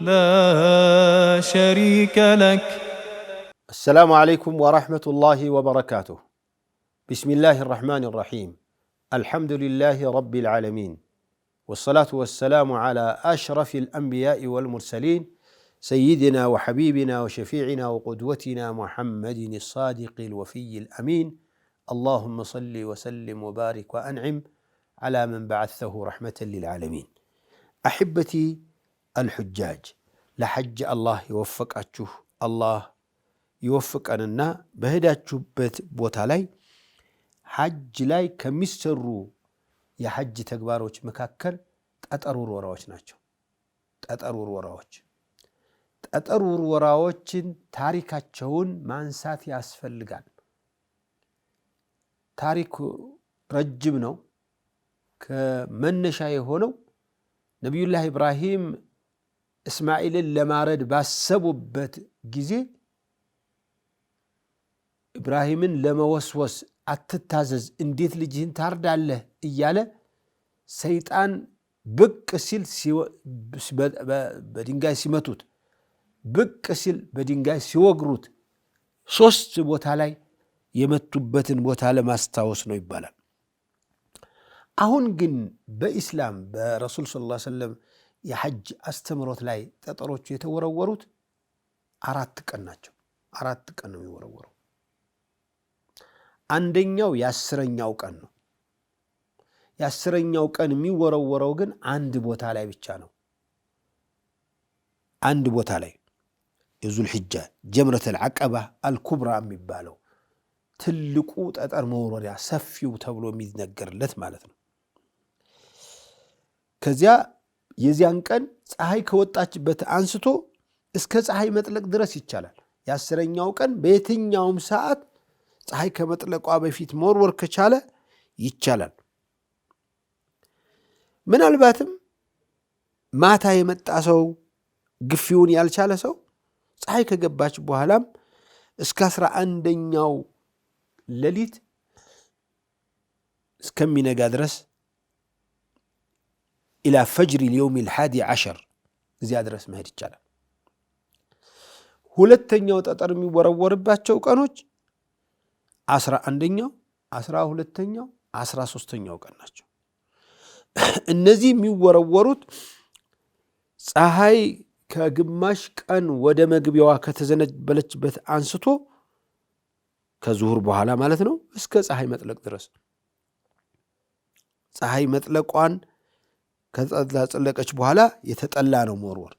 لا شريك لك السلام عليكم ورحمة الله وبركاته بسم الله الرحمن الرحيم الحمد لله رب العالمين والصلاة والسلام على أشرف الأنبياء والمرسلين سيدنا وحبيبنا وشفيعنا وقدوتنا محمد الصادق الوفي الأمين اللهم صل وسلم وبارك وأنعم على من بعثه رحمة للعالمين أحبتي አልሑጃጅ ለሐጅ አላህ የወፈቃችሁ አላህ ይወፍቀንና በሄዳችሁበት ቦታ ላይ ሐጅ ላይ ከሚሰሩ የሐጅ ተግባሮች መካከል ጠጠር ውርወራዎች ናቸው። ጠጠር ውርወራዎች ጠጠር ውርወራዎችን ታሪካቸውን ማንሳት ያስፈልጋል። ታሪኩ ረጅም ነው። ከመነሻ የሆነው ነቢዩላህ ኢብራሂም እስማኤልን ለማረድ ባሰቡበት ጊዜ ኢብራሂምን ለመወስወስ አትታዘዝ፣ እንዴት ልጅህን ታርዳለህ እያለ ሰይጣን ብቅ ሲል በድንጋይ ሲመቱት፣ ብቅ ሲል በድንጋይ ሲወግሩት፣ ሶስት ቦታ ላይ የመቱበትን ቦታ ለማስታወስ ነው ይባላል። አሁን ግን በኢስላም በረሱል ሰለላሁ ዐለይሂ ወሰለም የሐጅ አስተምሮት ላይ ጠጠሮቹ የተወረወሩት አራት ቀን ናቸው። አራት ቀን ነው የሚወረወረው አንደኛው የአስረኛው ቀን ነው። የአስረኛው ቀን የሚወረወረው ግን አንድ ቦታ ላይ ብቻ ነው። አንድ ቦታ ላይ የዙል ሕጃ ጀምረተል ዓቀባ አልኩብራ የሚባለው ትልቁ ጠጠር መወረሪያ ሰፊው ተብሎ የሚነገርለት ማለት ነው። ከዚያ የዚያን ቀን ፀሐይ ከወጣችበት አንስቶ እስከ ፀሐይ መጥለቅ ድረስ ይቻላል። የአስረኛው ቀን በየትኛውም ሰዓት ፀሐይ ከመጥለቋ በፊት መወርወር ከቻለ ይቻላል። ምናልባትም ማታ የመጣ ሰው ግፊውን ያልቻለ ሰው ፀሐይ ከገባች በኋላም እስከ አስራ አንደኛው ሌሊት እስከሚነጋ ድረስ ኢላ ፈጅሪ ልየውም ልሓዲ ዓሸር እዚያ ድረስ መሄድ ይቻላል። ሁለተኛው ጠጠር የሚወረወርባቸው ቀኖች አስራ አንደኛው አስራ ሁለተኛው አስራ ሶስተኛው ቀን ናቸው። እነዚህ የሚወረወሩት ፀሐይ ከግማሽ ቀን ወደ መግቢያዋ ከተዘነበለችበት አንስቶ ከዙሁር በኋላ ማለት ነው እስከ ፀሐይ መጥለቅ ድረስ ፀሐይ መጥለቋን ከጸለቀች በኋላ የተጠላ ነው መወርወር።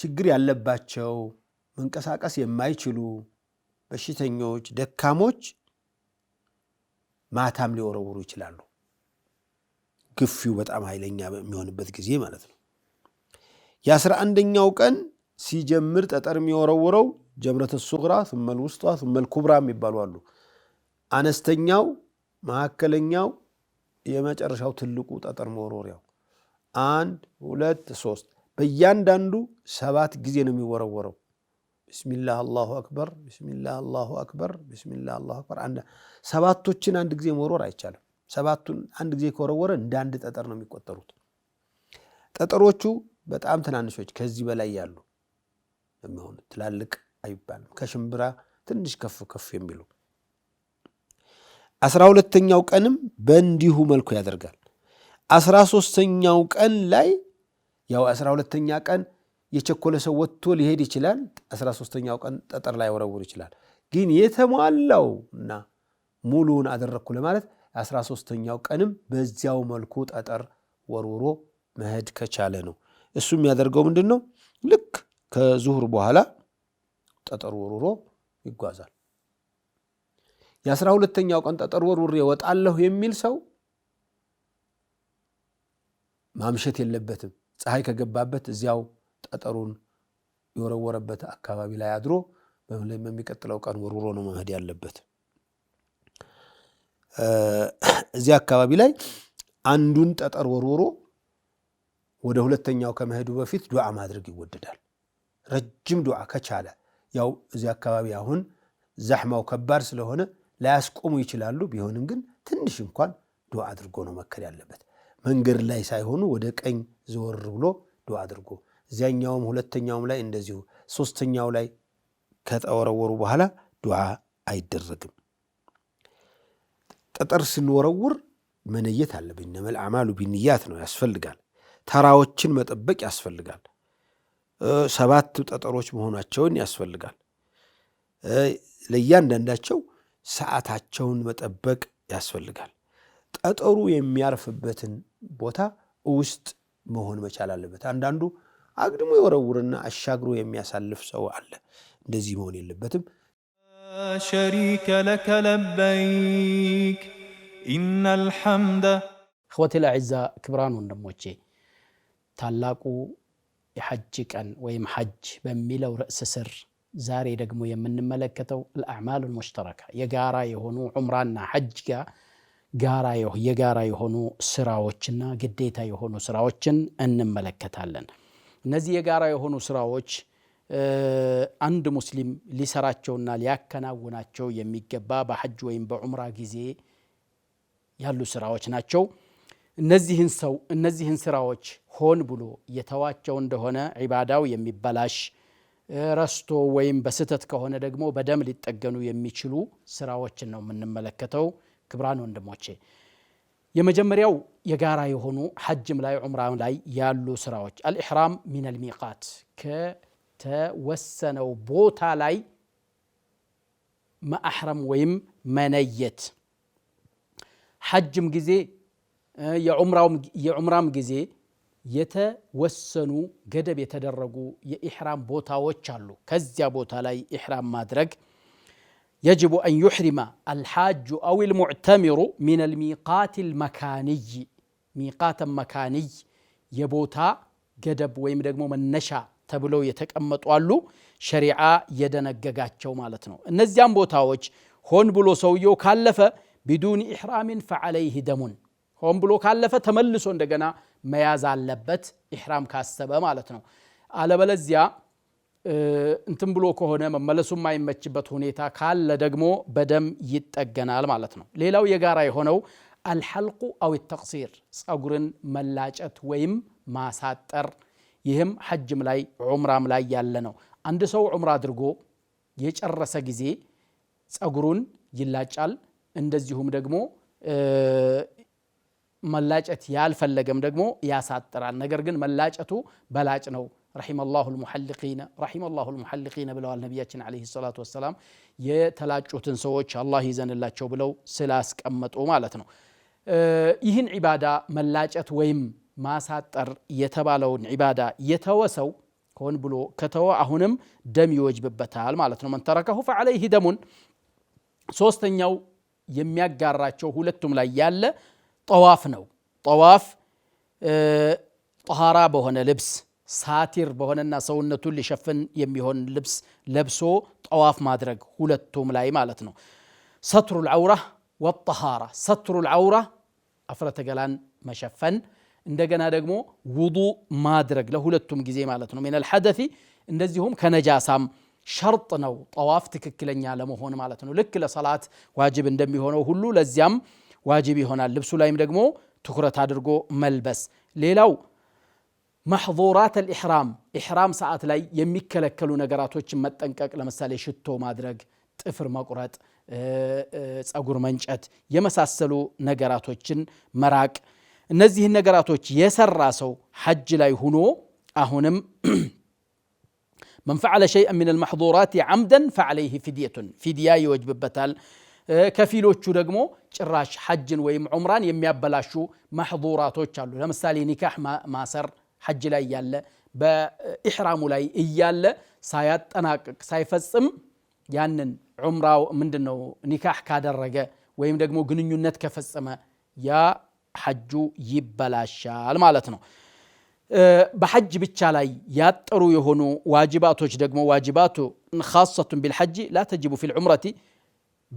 ችግር ያለባቸው መንቀሳቀስ የማይችሉ በሽተኞች፣ ደካሞች ማታም ሊወረውሩ ይችላሉ። ግፊው በጣም ኃይለኛ በሚሆንበት ጊዜ ማለት ነው። የአስራ አንደኛው ቀን ሲጀምር ጠጠር የሚወረውረው ጀምረተ ሱግራ ስመል ውስጧ ስመል ኩብራ የሚባሉ አሉ። አነስተኛው፣ መካከለኛው የመጨረሻው ትልቁ ጠጠር መወርወሪያው አንድ ሁለት ሶስት፣ በእያንዳንዱ ሰባት ጊዜ ነው የሚወረወረው። ብስሚላህ አላሁ አክበር፣ ብስሚላህ አላሁ አክበር፣ ብስሚላህ አላሁ አክበር። ሰባቶችን አንድ ጊዜ መወርወር አይቻልም። ሰባቱን አንድ ጊዜ ከወረወረ እንደ አንድ ጠጠር ነው የሚቆጠሩት። ጠጠሮቹ በጣም ትናንሾች ከዚህ በላይ ያሉ የሚሆኑ ትላልቅ አይባልም። ከሽምብራ ትንሽ ከፍ ከፍ የሚሉ አስራ ሁለተኛው ቀንም በእንዲሁ መልኩ ያደርጋል። አስራ ሶስተኛው ቀን ላይ ያው አስራ ሁለተኛ ቀን የቸኮለ ሰው ወጥቶ ሊሄድ ይችላል። አስራ ሶስተኛው ቀን ጠጠር ላይ ወረውር ይችላል። ግን የተሟላው እና ሙሉውን አደረግኩ ለማለት አስራ ሶስተኛው ቀንም በዚያው መልኩ ጠጠር ወርውሮ መሄድ ከቻለ ነው። እሱ የሚያደርገው ምንድን ነው? ልክ ከዙሁር በኋላ ጠጠር ወርውሮ ይጓዛል። የአስራ ሁለተኛው ቀን ጠጠር ወርውሬ እወጣለሁ የሚል ሰው ማምሸት የለበትም። ፀሐይ ከገባበት እዚያው ጠጠሩን የወረወረበት አካባቢ ላይ አድሮ በሚቀጥለው ቀን ወርውሮ ነው መሄድ ያለበት። እዚያ አካባቢ ላይ አንዱን ጠጠር ወርውሮ ወደ ሁለተኛው ከመሄዱ በፊት ዱዓ ማድረግ ይወደዳል። ረጅም ዱዓ ከቻለ ያው እዚያ አካባቢ አሁን ዛሕማው ከባድ ስለሆነ ላያስቆሙ ይችላሉ። ቢሆንም ግን ትንሽ እንኳን ዱዓ አድርጎ ነው መከል ያለበት። መንገድ ላይ ሳይሆኑ ወደ ቀኝ ዘወር ብሎ ዱዓ አድርጎ እዚያኛውም ሁለተኛውም ላይ እንደዚሁ ሶስተኛው ላይ ከተወረወሩ በኋላ ዱዓ አይደረግም። ጠጠር ስንወረውር መነየት አለብኝ። ነመል አማሉ ቢንያት ነው ያስፈልጋል። ተራዎችን መጠበቅ ያስፈልጋል። ሰባት ጠጠሮች መሆናቸውን ያስፈልጋል ለእያንዳንዳቸው ሰዓታቸውን መጠበቅ ያስፈልጋል። ጠጠሩ የሚያርፍበትን ቦታ ውስጥ መሆን መቻል አለበት። አንዳንዱ አግድሞ የወረውርና አሻግሮ የሚያሳልፍ ሰው አለ። እንደዚህ መሆን የለበትም። ሸሪከ ለከ ለበይክ ኢነል ሐምደ እኽወቲል አዕዛ ክብራን ወንድሞቼ ታላቁ የሐጅ ቀን ወይም ሐጅ በሚለው ርዕስ ስር ዛሬ ደግሞ የምንመለከተው አልአዕማል ሙሽተረካ የጋራ የሆኑ ዑምራና ሐጅ ጋራ የጋራ የሆኑ ስራዎችና ግዴታ የሆኑ ስራዎችን እንመለከታለን። እነዚህ የጋራ የሆኑ ስራዎች አንድ ሙስሊም ሊሰራቸውና ሊያከናውናቸው የሚገባ በሐጅ ወይም በዑምራ ጊዜ ያሉ ስራዎች ናቸው። እነዚህን ሰው እነዚህን ስራዎች ሆን ብሎ የተዋቸው እንደሆነ ዒባዳው የሚበላሽ ረስቶ ወይም በስህተት ከሆነ ደግሞ በደም ሊጠገኑ የሚችሉ ስራዎችን ነው የምንመለከተው። ክብራን ወንድሞቼ የመጀመሪያው የጋራ የሆኑ ሐጅም ላይ ዑምራም ላይ ያሉ ስራዎች አልኢሕራም ሚነል ሚቃት ከተወሰነው ቦታ ላይ መአሕረም ወይም መነየት ሐጅም ጊዜ የዑምራም ጊዜ የተወሰኑ ገደብ የተደረጉ የኢሕራም ቦታዎች አሉ። ከዚያ ቦታ ላይ ኢሕራም ማድረግ የጅቡ አን ዩሕሪመ አልሓጁ አው ልሙዕተሚሩ ሚን አልሚቃት ልመካንይ ሚቃተን መካንይ የቦታ ገደብ ወይም ደግሞ መነሻ ተብለው የተቀመጡ አሉ። ሸሪዓ የደነገጋቸው ማለት ነው። እነዚያም ቦታዎች ሆን ብሎ ሰውየው ካለፈ ቢዱን ኢሕራሚን ፈዓለይህ ደሙን ሆን ብሎ ካለፈ ተመልሶ እንደገና መያዝ አለበት፣ ኢሕራም ካሰበ ማለት ነው። አለበለዚያ እንትን ብሎ ከሆነ መመለሱ የማይመችበት ሁኔታ ካለ ደግሞ በደም ይጠገናል ማለት ነው። ሌላው የጋራ የሆነው አልሐልቁ አው ተቅሲር ጸጉርን መላጨት ወይም ማሳጠር፣ ይህም ሐጅም ላይ ዑምራም ላይ ያለ ነው። አንድ ሰው ዑምራ አድርጎ የጨረሰ ጊዜ ጸጉሩን ይላጫል። እንደዚሁም ደግሞ መላጨት ያልፈለገም ደግሞ ያሳጥራል። ነገር ግን መላጨቱ በላጭ ነው። ረሒመላሁ ልሙሐልቂነ ረሒመላሁ ልሙሐልቂነ ብለዋል ነቢያችን ዓለይሂ ሰላቱ ወሰላም የተላጩትን ሰዎች አላህ ይዘንላቸው ብለው ስላስቀመጡ ማለት ነው። ይህን ዒባዳ መላጨት ወይም ማሳጠር የተባለውን ዒባዳ የተወሰው ሆን ብሎ ከተወ አሁንም ደም ይወጅብበታል ማለት ነው። መንተረከሁ ፈዓለይህ ደሙን ሶስተኛው የሚያጋራቸው ሁለቱም ላይ ያለ ጠዋፍ ነው። ጠዋፍ ጠሃራ በሆነ ልብስ ሳቲር በሆነና ሰውነቱን ሊሸፍን የሚሆን ልብስ ለብሶ ጠዋፍ ማድረግ ሁለቱም ላይ ማለት ነው። ሰትሩ ልዐውራ ወጠሃራ ሰትሩ ልዐውራ አፍረተ ገላን መሸፈን እንደገና ደግሞ ውዱእ ማድረግ ለሁለቱም ጊዜ ማለት ነው። ሚነል ሐደፊ እንደዚሁም ከነጃሳም ሸርጥ ነው ጠዋፍ ትክክለኛ ለመሆን ማለት ነው። ልክ ለሰላት ዋጅብ እንደሚሆነው ሁሉ ለዚያም ዋጅብ ይሆናል። ልብሱ ላይም ደግሞ ትኩረት አድርጎ መልበስ። ሌላው ማሕظራት አልኢሕራም ኢሕራም ሰዓት ላይ የሚከለከሉ ነገራቶችን መጠንቀቅ፣ ለምሳሌ ሽቶ ማድረግ፣ ጥፍር መቁረጥ፣ ጸጉር መንጨት የመሳሰሉ ነገራቶችን መራቅ። እነዚህን ነገራቶች የሰራ ሰው ሐጅ ላይ ሁኖ አሁንም መን ፈዓለ ሸይአን ሚን አልማሕظራት ዓምደን ፈዓለይህ ፊድየቱን ፊድያ ይወጅብበታል። ከፊሎቹ ደግሞ ጭራሽ ሐጅን ወይም ዑምራን የሚያበላሹ ማሕዙራቶች አሉ። ለምሳሌ ኒካህ ማሰር ሐጅ ላይ እያለ በኢሕራሙ ላይ እያለ ሳያጠናቅቅ ሳይፈጽም ያንን ዑምራው ምንድን ነው ኒካህ ካደረገ ወይም ደግሞ ግንኙነት ከፈጸመ ያ ሐጁ ይበላሻል ማለት ነው። በሐጅ ብቻ ላይ ያጠሩ የሆኑ ዋጅባቶች ደግሞ ዋጅባቱ ካሰቱን ቢልሐጂ ላ ተጅቡ ፊል ዑምረቲ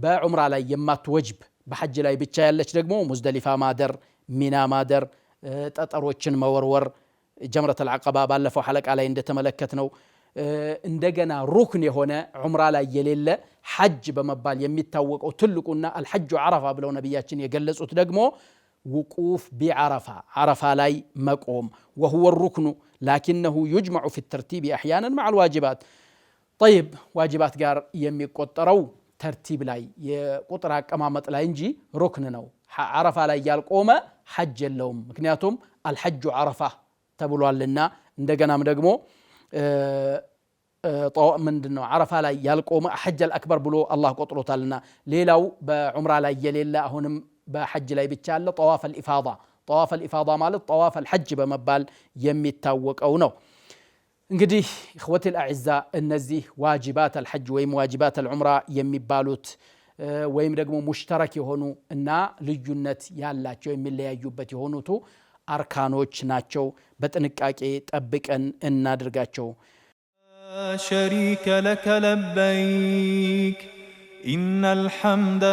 በዑምራ ላይ የማትወጅብ በሐጅ ላይ ብቻ ያለች ደግሞ ሙዝደሊፋ ማደር፣ ሚና ማደር፣ ጠጠሮችን መወርወር ጀምረት አቀባ ባለፈው ሐለቃ ላይ እንደተመለከት ነው። እንደገና ሩክን የሆነ ዑምራ ላይ የሌለ ሐጅ በመባል የሚታወቀው ትልቁና አልሐጁ ዓረፋ ብለው ነቢያችን የገለጹት ደግሞ ውቁፍ ቢዓረፋ ዓረፋ ላይ መቆም ወሁወ ሩክኑ ላኪነሁ ዩጅመዑ ፊ ተርቲቢ አሕያናን ማዕል ዋጅባት። ጠይብ ዋጅባት ጋር የሚቆጠረው ተርቲብ ላይ የቁጥር አቀማመጥ ላይ እንጂ ሩክን ነው። አረፋ ላይ ያልቆመ ሐጅ የለውም። ምክንያቱም አልሐጁ አረፋ ተብሏልና። እንደገናም ደግሞ ምንድን ነው አረፋ ላይ ያልቆመ ሐጀል አክበር ብሎ አላህ ቆጥሮታልና። ሌላው በዑምራ ላይ የሌለ አሁንም በሐጅ ላይ ብቻ አለ ጠዋፈል ኢፋዳ። ጠዋፈል ኢፋዳ ማለት ጠዋፈል ሐጅ በመባል የሚታወቀው ነው። እንግዲህ እኽወት ልአዕዛ እነዚህ ዋጅባት አልሐጅ ወይም ዋጅባት አልዑምራ የሚባሉት ወይም ደግሞ ሙሽተረክ የሆኑ እና ልዩነት ያላቸው የሚለያዩበት የሆኑቱ አርካኖች ናቸው። በጥንቃቄ ጠብቀን እናድርጋቸው። ሸሪከ ለከ ለበይክ ኢነ ልሐምደ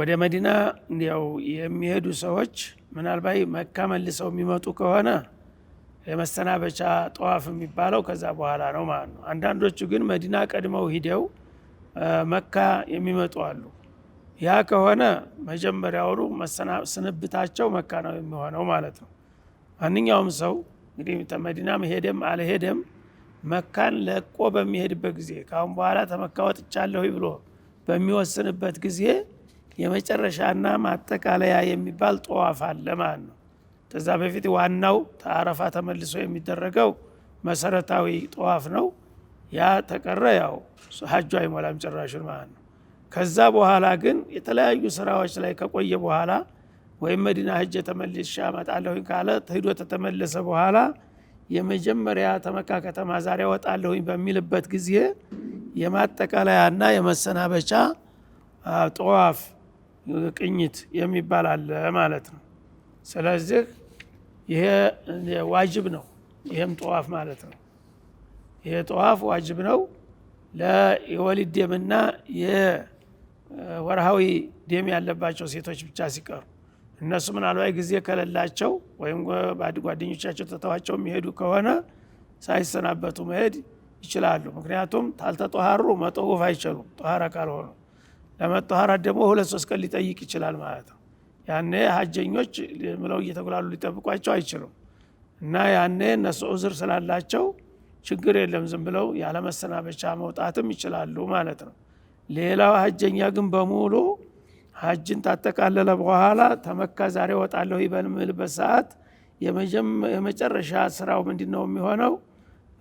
ወደ መዲና ያው የሚሄዱ ሰዎች ምናልባት መካ መልሰው የሚመጡ ከሆነ የመሰናበቻ ጠዋፍ የሚባለው ከዛ በኋላ ነው ማለት ነው። አንዳንዶቹ ግን መዲና ቀድመው ሂደው መካ የሚመጡ አሉ። ያ ከሆነ መጀመሪያውኑ ስንብታቸው መካ ነው የሚሆነው ማለት ነው። ማንኛውም ሰው እንግዲህ መዲናም ሄደም አልሄደም መካን ለቆ በሚሄድበት ጊዜ ካሁን በኋላ ተመካ ወጥቻለሁ ብሎ በሚወስንበት ጊዜ የመጨረሻና ማጠቃለያ የሚባል ጠዋፍ አለ ማለት ነው። ከዛ በፊት ዋናው ተአረፋ ተመልሶ የሚደረገው መሰረታዊ ጠዋፍ ነው። ያ ተቀረ ያው ሀጁ አይሞላም ጭራሹን ማለት ነው። ከዛ በኋላ ግን የተለያዩ ስራዎች ላይ ከቆየ በኋላ ወይም መዲና ህጅ ተመልሼ እመጣለሁኝ ካለ ሂዶ ተተመለሰ በኋላ የመጀመሪያ ተመካ ከተማ ዛሬ ወጣለሁኝ በሚልበት ጊዜ የማጠቃለያና የመሰናበቻ ጠዋፍ ቅኝት የሚባል አለ ማለት ነው። ስለዚህ ይሄ ዋጅብ ነው። ይሄም ጠዋፍ ማለት ነው። ይሄ ጠዋፍ ዋጅብ ነው። የወሊድ ደምና የወርሃዊ ደም ያለባቸው ሴቶች ብቻ ሲቀሩ እነሱ ምናልባት ጊዜ ከሌላቸው ወይም ጓደኞቻቸው ተተዋቸው የሚሄዱ ከሆነ ሳይሰናበቱ መሄድ ይችላሉ። ምክንያቱም ታልተጠሃሩ መጠወፍ አይችሉም። ጠኋራ ካልሆኑ ለመጠኋራት ደግሞ ሁለት ሶስት ቀን ሊጠይቅ ይችላል ማለት ነው። ያኔ ሀጀኞች ምለው እየተጉላሉ ሊጠብቋቸው አይችሉም እና ያኔ እነሱ ዑዝር ስላላቸው ችግር የለም ዝም ብለው ያለመሰናበቻ መውጣትም ይችላሉ ማለት ነው። ሌላው ሀጀኛ ግን በሙሉ ሀጅን ታጠቃለለ በኋላ ተመካ ዛሬ ወጣለሁ ምልበት ሰዓት የመጨረሻ ስራው ምንድ ነው የሚሆነው?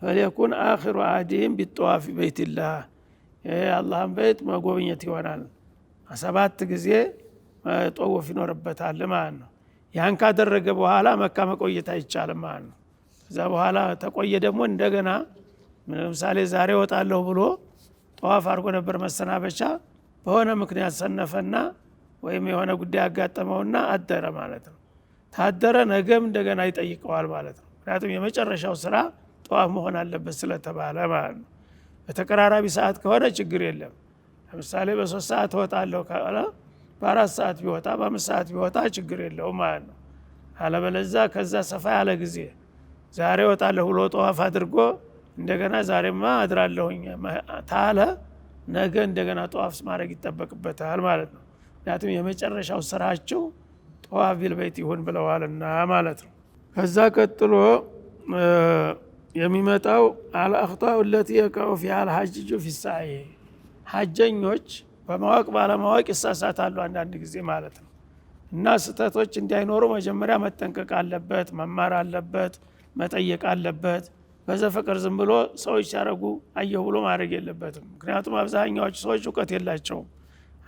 ፈሊኩን አኪሩ አዲም ቢጠዋፊ ቤትላህ አላህን ቤት መጎብኘት ይሆናል ሰባት ጊዜ መጠወፍ ይኖርበታል ማለት ነው። ያን ካደረገ በኋላ መካ መቆየት አይቻልም ማለት ነው። ከዛ በኋላ ተቆየ ደግሞ እንደገና ለምሳሌ ዛሬ ወጣለሁ ብሎ ጠዋፍ አድርጎ ነበር መሰናበቻ፣ በሆነ ምክንያት ሰነፈና ወይም የሆነ ጉዳይ ያጋጠመውና አደረ ማለት ነው። ታደረ ነገም እንደገና ይጠይቀዋል ማለት ነው። ምክንያቱም የመጨረሻው ስራ ጠዋፍ መሆን አለበት ስለተባለ ማለት ነው። በተቀራራቢ ሰዓት ከሆነ ችግር የለም። ለምሳሌ በሶስት ሰዓት እወጣለሁ ካለ በአራት ሰዓት ቢወጣ በአምስት ሰዓት ቢወጣ ችግር የለውም ማለት ነው። አለበለዛ ከዛ ሰፋ ያለ ጊዜ ዛሬ ወጣለሁ ብሎ ጠዋፍ አድርጎ እንደገና ዛሬማ አድራለሁኝ ታለ ነገ እንደገና ጠዋፍ ማድረግ ይጠበቅበታል ማለት ነው። ምክንያቱም የመጨረሻው ስራቸው ጠዋፍ ቢልበይት ይሁን ብለዋልና ማለት ነው። ከዛ ቀጥሎ የሚመጣው አልአክጣኡ ለት የቀዑ ፊሃ አልሐጅጁ ፊሳይ ሀጀኞች በማወቅ ባለማወቅ ይሳሳታሉ አንዳንድ ጊዜ ማለት ነው። እና ስህተቶች እንዳይኖሩ መጀመሪያ መጠንቀቅ አለበት፣ መማር አለበት፣ መጠየቅ አለበት። በዘፈቀር ዝም ብሎ ሰዎች ሲያደርጉ አየሁ ብሎ ማድረግ የለበትም። ምክንያቱም አብዛኛዎቹ ሰዎች እውቀት የላቸውም።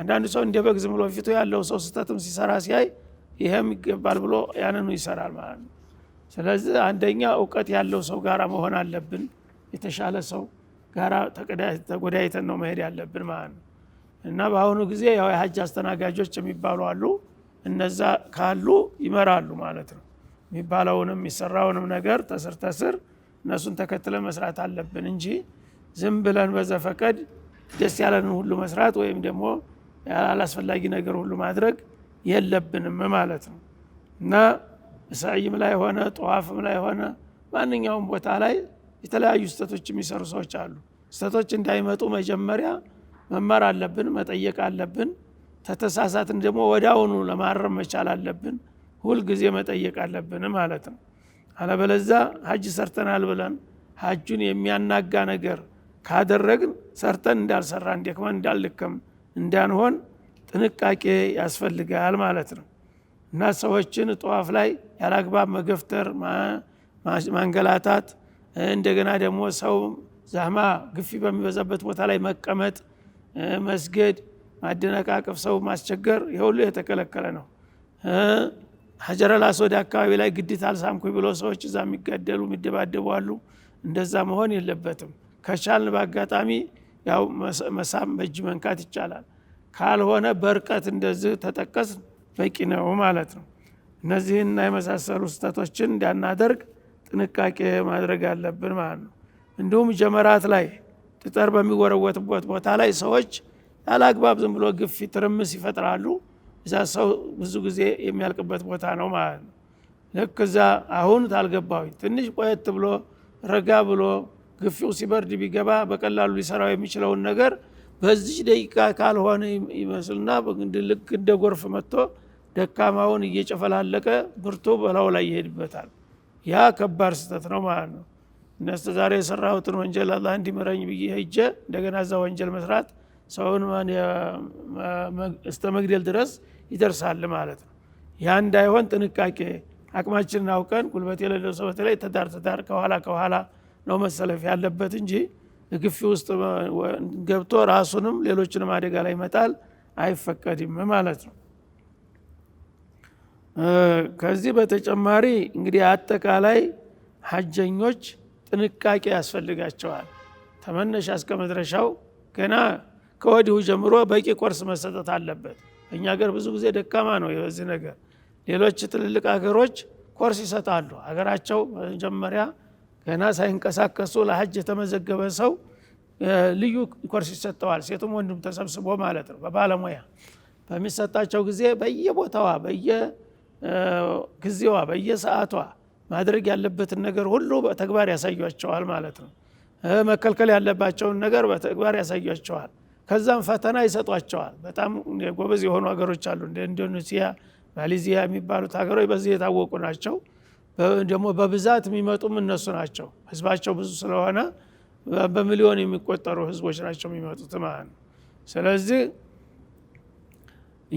አንዳንድ ሰው እንደ በግ ዝም ብሎ ፊቱ ያለው ሰው ስህተትም ሲሰራ ሲያይ ይሄም ይገባል ብሎ ያንኑ ይሰራል ማለት ነው። ስለዚህ አንደኛ እውቀት ያለው ሰው ጋራ መሆን አለብን። የተሻለ ሰው ጋራ ተጎዳይተን ነው መሄድ ያለብን ማለት ነው። እና በአሁኑ ጊዜ ያው የሀጅ አስተናጋጆች የሚባሉ አሉ። እነዛ ካሉ ይመራሉ ማለት ነው። የሚባለውንም የሚሰራውንም ነገር ተስር ተስር እነሱን ተከትለ መስራት አለብን እንጂ ዝም ብለን በዘፈቀድ ደስ ያለንን ሁሉ መስራት ወይም ደግሞ አላስፈላጊ ነገር ሁሉ ማድረግ የለብንም ማለት ነው እና ሰይም ላይ ሆነ ጠዋፍም ላይ ሆነ ማንኛውም ቦታ ላይ የተለያዩ ስህተቶች የሚሰሩ ሰዎች አሉ። ስህተቶች እንዳይመጡ መጀመሪያ መማር አለብን፣ መጠየቅ አለብን። ተተሳሳትን ደግሞ ወዳውኑ ለማረም መቻል አለብን። ሁልጊዜ መጠየቅ አለብን ማለት ነው። አለበለዛ ሀጅ ሰርተናል ብለን ሀጁን የሚያናጋ ነገር ካደረግን ሰርተን እንዳልሰራ ደክመን እንዳልልከም እንዳንሆን ጥንቃቄ ያስፈልጋል ማለት ነው። እና ሰዎችን ጠዋፍ ላይ ያላግባብ መገፍተር፣ ማንገላታት እንደገና ደግሞ ሰው ዛህማ ግፊ በሚበዛበት ቦታ ላይ መቀመጥ መስገድ፣ ማደነቃቀፍ፣ ሰው ማስቸገር ይህ የተከለከለ ነው። ሀጀረል አስወድ አካባቢ ላይ ግድት አልሳምኩ ብሎ ሰዎች እዛ የሚጋደሉ የሚደባደቡ አሉ። እንደዛ መሆን የለበትም። ከቻልን በአጋጣሚ ያው መሳም በእጅ መንካት ይቻላል። ካልሆነ በርቀት እንደዚህ ተጠቀስ በቂ ነው ማለት ነው። እነዚህና የመሳሰሉ ስህተቶችን እንዳናደርግ ጥንቃቄ ማድረግ አለብን ማለት ነው። እንዲሁም ጀመራት ላይ ጠጠር በሚወረወትበት ቦታ ላይ ሰዎች ያለ አግባብ ዝም ብሎ ግፊት፣ ትርምስ ይፈጥራሉ። እዛ ሰው ብዙ ጊዜ የሚያልቅበት ቦታ ነው ማለት ነው። ልክ እዛ አሁን ታልገባሁኝ ትንሽ ቆየት ብሎ ረጋ ብሎ ግፊው ሲበርድ ቢገባ በቀላሉ ሊሰራው የሚችለውን ነገር በዚህ ደቂቃ ካልሆነ ይመስልና ልክ እንደ ጎርፍ መጥቶ ደካማውን እየጨፈላለቀ ብርቱ በላው ላይ ይሄድበታል። ያ ከባድ ስህተት ነው ማለት ነው። እነስተ ዛሬ የሰራሁትን ወንጀል አላህ እንዲምረኝ ብዬ ሄጀ እንደገና እዛ ወንጀል መስራት ሰውን እስተ መግደል ድረስ ይደርሳል ማለት ነው። ያ እንዳይሆን ጥንቃቄ አቅማችንን አውቀን ጉልበት የሌለው ሰው በተለይ ተዳር ትዳር ከኋላ ከኋላ ነው መሰለፍ ያለበት እንጂ ግፊ ውስጥ ገብቶ ራሱንም ሌሎችንም አደጋ ላይ ይመጣል፣ አይፈቀድም ማለት ነው። ከዚህ በተጨማሪ እንግዲህ አጠቃላይ ሀጀኞች ጥንቃቄ ያስፈልጋቸዋል። ተመነሻ እስከ መድረሻው ገና ከወዲሁ ጀምሮ በቂ ኮርስ መሰጠት አለበት። እኛ ሀገር ብዙ ጊዜ ደካማ ነው የበዚህ ነገር። ሌሎች ትልልቅ ሀገሮች ኮርስ ይሰጣሉ። ሀገራቸው መጀመሪያ ገና ሳይንቀሳቀሱ ለሀጅ የተመዘገበ ሰው ልዩ ኮርስ ይሰጠዋል። ሴቱም ወንድም ተሰብስቦ ማለት ነው በባለሙያ በሚሰጣቸው ጊዜ በየቦታዋ በየጊዜዋ በየሰዓቷ ማድረግ ያለበትን ነገር ሁሉ በተግባር ያሳያቸዋል ማለት ነው። መከልከል ያለባቸውን ነገር በተግባር ያሳያቸዋል። ከዛም ፈተና ይሰጧቸዋል። በጣም ጎበዝ የሆኑ ሀገሮች አሉ። እንደ ኢንዶኔሲያ፣ ማሌዚያ የሚባሉት ሀገሮች በዚህ የታወቁ ናቸው። ደግሞ በብዛት የሚመጡም እነሱ ናቸው። ህዝባቸው ብዙ ስለሆነ በሚሊዮን የሚቆጠሩ ህዝቦች ናቸው የሚመጡት ማለት ነው። ስለዚህ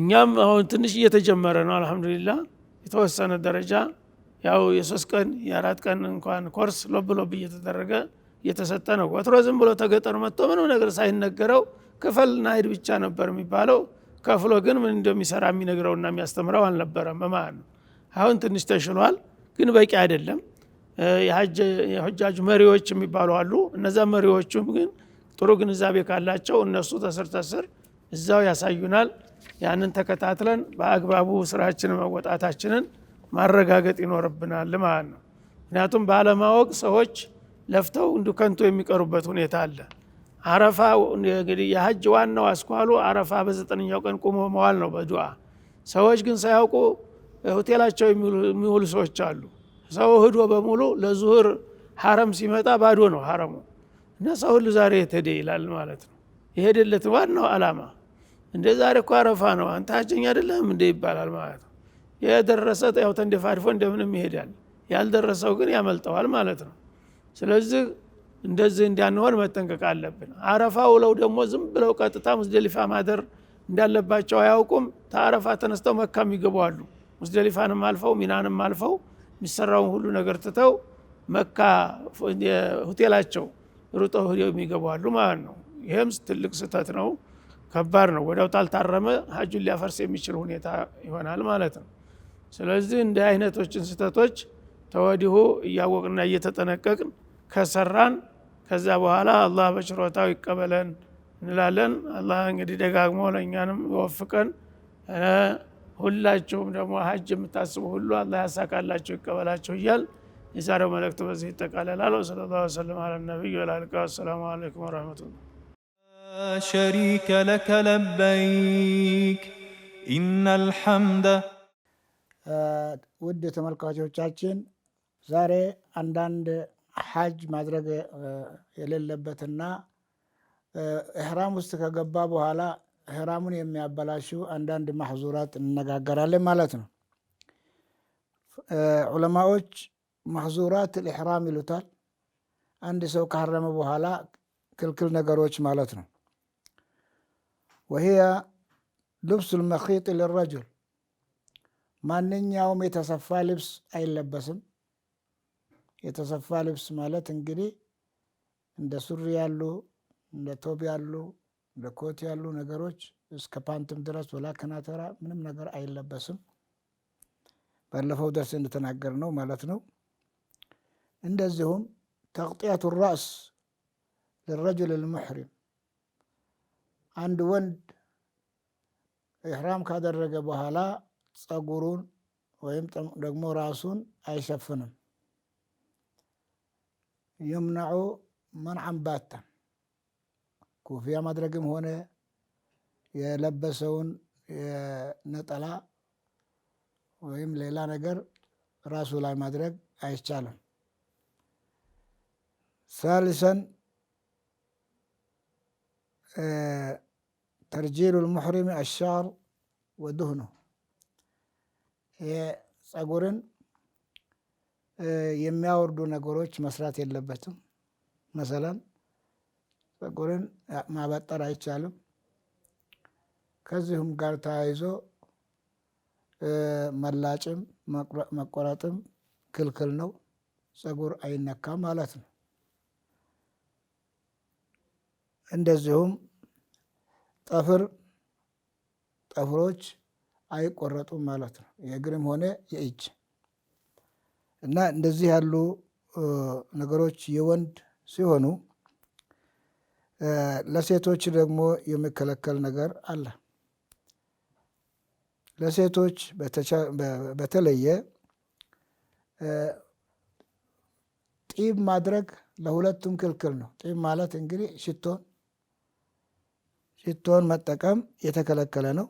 እኛም አሁን ትንሽ እየተጀመረ ነው። አልሐምዱሊላህ የተወሰነ ደረጃ ያው የሶስት ቀን የአራት ቀን እንኳን ኮርስ ሎብ ሎብ እየተደረገ እየተሰጠ ነው። ወትሮ ዝም ብሎ ተገጠር መጥቶ ምንም ነገር ሳይነገረው ክፈል ናሂድ ብቻ ነበር የሚባለው። ከፍሎ ግን ምን እንደሚሰራ የሚነግረውና የሚያስተምረው አልነበረም በማለት ነው። አሁን ትንሽ ተሽሏል፣ ግን በቂ አይደለም። የሁጃጅ መሪዎች የሚባሉ አሉ። እነዛ መሪዎቹም ግን ጥሩ ግንዛቤ ካላቸው እነሱ ተስር ተስር እዛው ያሳዩናል። ያንን ተከታትለን በአግባቡ ስራችንን መወጣታችንን ማረጋገጥ ይኖርብናል ማለት ነው። ምክንያቱም ባለማወቅ ሰዎች ለፍተው እንዱ ከንቱ የሚቀሩበት ሁኔታ አለ። አረፋ እንግዲህ የሀጅ ዋናው አስኳሉ አረፋ በዘጠነኛው ቀን ቁሞ መዋል ነው በዱአ ሰዎች ግን ሳያውቁ ሆቴላቸው የሚውሉ ሰዎች አሉ። ሰው ህዶ በሙሉ ለዙህር ሀረም ሲመጣ ባዶ ነው ሀረሙ እና ሰው ሁሉ ዛሬ የተደ ይላል ማለት ነው። የሄደለት ዋናው አላማ እንደ ዛሬ እኮ አረፋ ነው አንተ ሀጀኛ አይደለም እንደ ይባላል ማለት ነው። የደረሰ ያው ተንደፋድፎ እንደምንም ይሄዳል፣ ያልደረሰው ግን ያመልጠዋል ማለት ነው። ስለዚህ እንደዚህ እንዳንሆን መጠንቀቅ አለብን። አረፋ ውለው ደግሞ ዝም ብለው ቀጥታ ሙዝደሊፋ ማደር እንዳለባቸው አያውቁም። ተአረፋ ተነስተው መካም ይገባሉ። ሙዝደሊፋንም አልፈው ሚናንም አልፈው የሚሰራውን ሁሉ ነገር ትተው መካ ሆቴላቸው ሩጠው ሄደው የሚገባሉ ማለት ነው። ይህም ትልቅ ስህተት ነው፣ ከባድ ነው። ወዲያው ታልታረመ ሀጁን ሊያፈርስ የሚችል ሁኔታ ይሆናል ማለት ነው። ስለዚህ እንደ አይነቶችን ስህተቶች ተወዲሁ እያወቅና እየተጠነቀቅን ከሰራን ከዛ በኋላ አላህ በችሮታው ይቀበለን እንላለን። አላህ እንግዲህ ደጋግሞ ለእኛንም ይወፍቀን። ሁላችሁም ደግሞ ሀጅ የምታስቡ ሁሉ አላህ ያሳካላችሁ ይቀበላችሁ እያል የዛሬው መልእክት በዚህ ይጠቃለላል። ወሰለ ላሁ ወሰለም አላ ነቢይ ወላልቃ አሰላሙ አለይኩም ወረህመቱላህ ሸሪከ ለከ ለበይክ ኢነ አልሐምደ ውድ ተመልካቾቻችን ዛሬ አንዳንድ ሐጅ ማድረግ የሌለበትና እህራም ውስጥ ከገባ በኋላ እህራሙን የሚያበላሹ አንዳንድ ማሕዙራት እንነጋገራለን ማለት ነው። ዑለማዎች ማሕዙራት ልእሕራም ይሉታል። አንድ ሰው ካረመ በኋላ ክልክል ነገሮች ማለት ነው። ወሂያ ልብሱ ልመኺጥ ልረጁል ማንኛውም የተሰፋ ልብስ አይለበስም። የተሰፋ ልብስ ማለት እንግዲህ እንደ ሱሪ ያሉ እንደ ቶብ ያሉ እንደ ኮት ያሉ ነገሮች እስከ ፓንትም ድረስ ወላ ከናተራ ምንም ነገር አይለበስም። ባለፈው ደርስ እንደተናገር ነው ማለት ነው። እንደዚሁም ተቅጥያቱ ራስ ልረጅል ልሙሕሪም አንድ ወንድ ኢሕራም ካደረገ በኋላ ጸጉሩን ወይም ደግሞ ራሱን አይሸፍንም። የምናዑ መንዓን ባታ ኩፍያ ማድረግም ሆነ የለበሰውን ነጠላ ወይም ሌላ ነገር ራሱ ላይ ማድረግ አይቻልም። ሳልሰን ተርጂሉ ልሙሕሪም አሻር ወድህኑ ፀጉርን የሚያወርዱ ነገሮች መስራት የለበትም። መሰለን ፀጉርን ማበጠር አይቻልም። ከዚሁም ጋር ተያይዞ መላጭም መቆረጥም ክልክል ነው። ፀጉር አይነካም ማለት ነው። እንደዚሁም ጠፍር ጠፍሮች አይቆረጡም ማለት ነው። የእግርም ሆነ የእጅ እና እንደዚህ ያሉ ነገሮች የወንድ ሲሆኑ ለሴቶች ደግሞ የሚከለከል ነገር አለ። ለሴቶች በተለየ ጢብ ማድረግ ለሁለቱም ክልክል ነው። ጢብ ማለት እንግዲህ ሽቶን ሽቶን መጠቀም የተከለከለ ነው።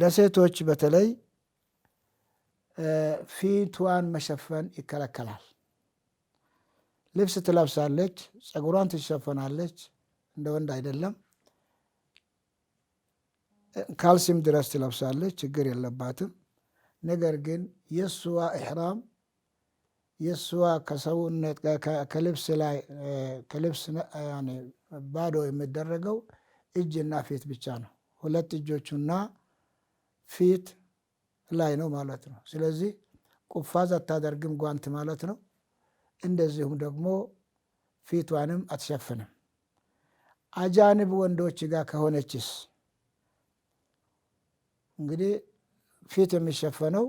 ለሴቶች በተለይ ፊቷን መሸፈን ይከለከላል። ልብስ ትለብሳለች፣ ጸጉሯን ትሸፈናለች፣ እንደ ወንድ አይደለም። ካልሲም ድረስ ትለብሳለች፣ ችግር የለባትም። ነገር ግን የእሱዋ ኢሕራም የእሱዋ ከሰውነት ከልብስ ላይ ከልብስ ባዶ የሚደረገው እጅና ፊት ብቻ ነው። ሁለት እጆቹና ፊት ላይ ነው ማለት ነው። ስለዚህ ቁፋዝ አታደርግም ጓንት ማለት ነው። እንደዚሁም ደግሞ ፊቷንም አትሸፍንም። አጃንብ ወንዶች ጋር ከሆነችስ እንግዲህ ፊት የሚሸፈነው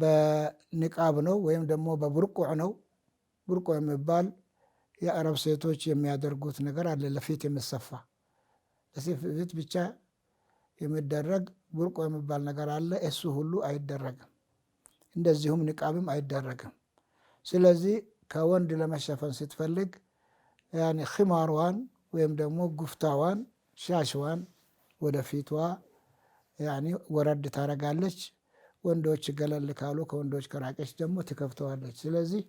በንቃብ ነው ወይም ደግሞ በቡርቁዕ ነው። ቡርቁዕ የሚባል የአረብ ሴቶች የሚያደርጉት ነገር አለ። ለፊት የሚሰፋ ለፊት ብቻ የሚደረግ ቡርቆ የሚባል ነገር አለ። እሱ ሁሉ አይደረግም። እንደዚሁም ንቃብም አይደረግም። ስለዚህ ከወንድ ለመሸፈን ስትፈልግ ያኔ ኪማሯን ወይም ደግሞ ጉፍታዋን፣ ሻሽዋን ወደፊቷ ያኔ ወረድ ታረጋለች። ወንዶች ገለል ካሉ ከወንዶች ከራቀች ደግሞ ትከፍተዋለች። ስለዚህ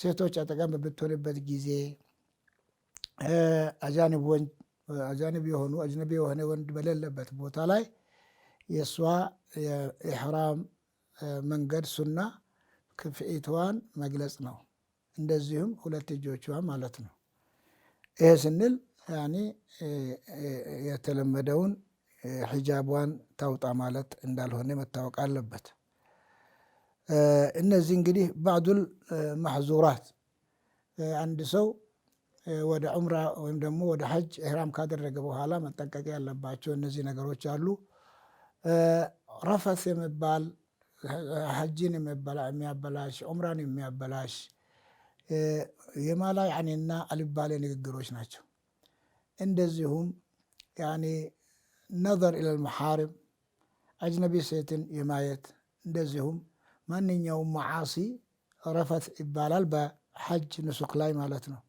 ሴቶች አጠቀም በምትሆንበት ጊዜ አጃንብ የሆኑ አጅነቢ የሆነ ወንድ በሌለበት ቦታ ላይ የእሷ የኢሕራም መንገድ ሱና ክፍኢትዋን መግለጽ ነው። እንደዚሁም ሁለት እጆቿ ማለት ነው። ይሄ ስንል ያኒ የተለመደውን ሒጃቧን ታውጣ ማለት እንዳልሆነ መታወቅ አለበት። እነዚህ እንግዲህ ባዕዱል ማሕዙራት አንድ ሰው ወደ ዑምራ ወይም ደግሞ ወደ ሐጅ ኢሕራም ካደረገ በኋላ መጠንቀቅ ያለባቸው እነዚህ ነገሮች አሉ። ረፈስ የሚባል ሐጂን የሚያበላሽ ዑምራን የሚያበላሽ የማላ ያኔና አልባሌ ንግግሮች ናቸው። እንደዚሁም ያኔ ነዘር ኢለል መሓሪም አጅነቢ ሴትን የማየት እንደዚሁም ማንኛውም መዓሲ ረፈት ይባላል በሐጅ ንሱክ ላይ ማለት ነው።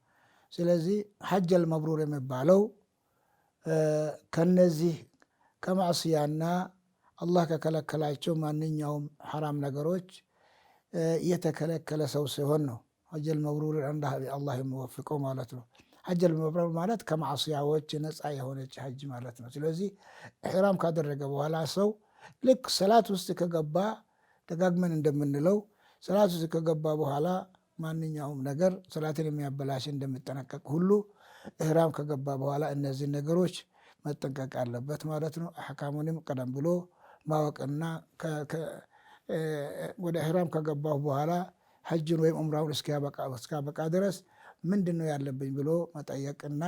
ስለዚህ ሐጅ አልመብሩር የሚባለው ከነዚህ ከማዕስያና አላህ ከከለከላቸው ማንኛውም ሐራም ነገሮች የተከለከለ ሰው ሲሆን ነው ሐጀል መብሩር አላህ የሚወፍቀው ማለት ነው። ሐጀል መብሩር ማለት ከማዕስያዎች ነፃ የሆነች ሐጅ ማለት ነው። ስለዚህ ኢሕራም ካደረገ በኋላ ሰው ልክ ሰላት ውስጥ ከገባ ደጋግመን እንደምንለው ሰላት ውስጥ ከገባ በኋላ ማንኛውም ነገር ሰላትን የሚያበላሽ እንደሚጠነቀቅ ሁሉ ኢሕራም ከገባ በኋላ እነዚህን ነገሮች መጠንቀቅ አለበት ማለት ነው። አሕካሙንም ቀደም ብሎ ማወቅና ወደ ኢሕራም ከገባሁ በኋላ ሐጅን ወይም ዑምራውን እስኪያበቃ ድረስ ምንድን ነው ያለብኝ ብሎ መጠየቅና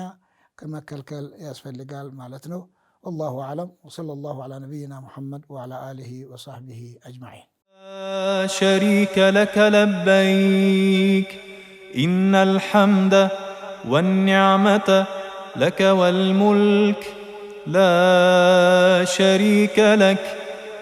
ከመከልከል ያስፈልጋል ማለት ነው። ወላሁ አዕለም ወሰለ ላሁ ዐላ ነቢይና ሙሐመድ ወዐላ አሊሂ ወሰሕቢሂ አጅማዒን። ሸሪከ ለከ ለበይክ ኢነ አልሐምደ ወኒዕመተ ለከ ወልሙልክ ላ ሸሪከ ለክ